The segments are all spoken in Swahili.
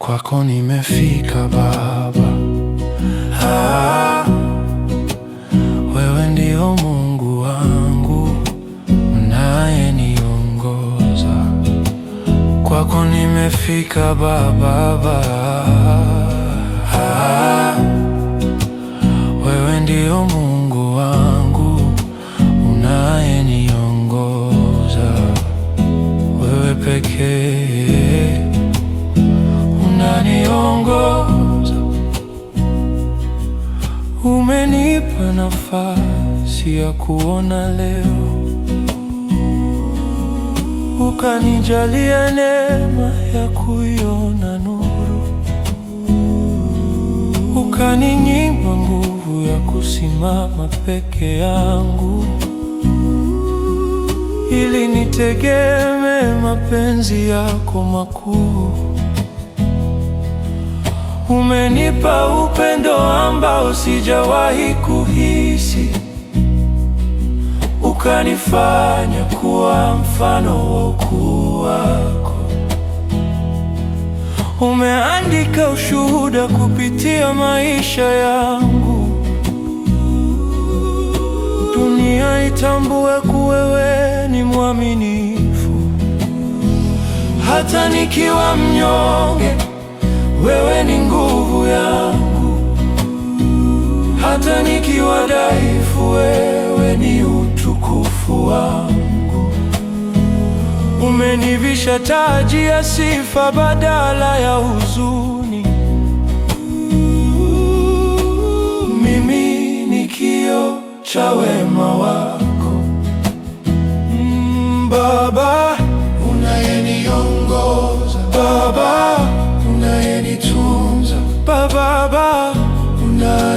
Kwako nimefika Baba, ah, wewe ndio Mungu wangu Kwako nimefika Baba, Baba. Ah, wewe ndio Mungu wangu unayeniongoza, wewe pekee nafasi ya kuona leo, ukanijalia neema ya kuiona nuru, ukaninyima nguvu ya kusimama peke yangu, ili nitegemee mapenzi yako makuu. Umenipa upendo ambao sijawahi kuhisi, ukanifanya kuwa mfano wa ukuu wako. Umeandika ushuhuda kupitia maisha yangu, dunia itambue kuwewe ni mwaminifu, hata nikiwa mnyonge wewe ni nguvu yangu, hata nikiwa dhaifu, wewe ni utukufu wangu. Umenivisha taji ya sifa badala ya huzuni, mimi ni kio cha wema wako mm,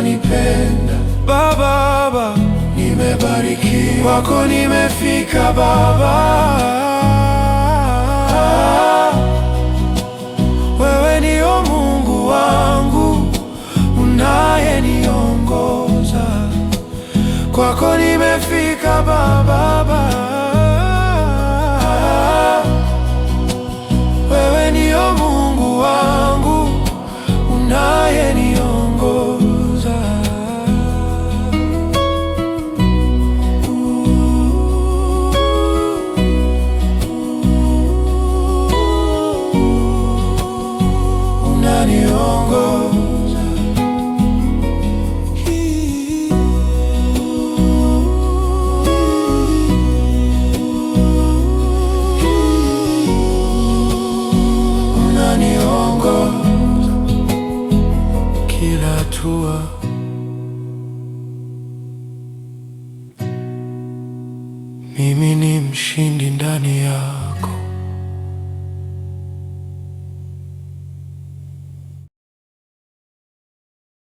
unanipenda Baba, Baba, nimebarikiwa kwako, nimefika Baba, ah, wewe ndio Mungu wangu unayeniongoza kwako ni mimi ni mshindi ndani yako.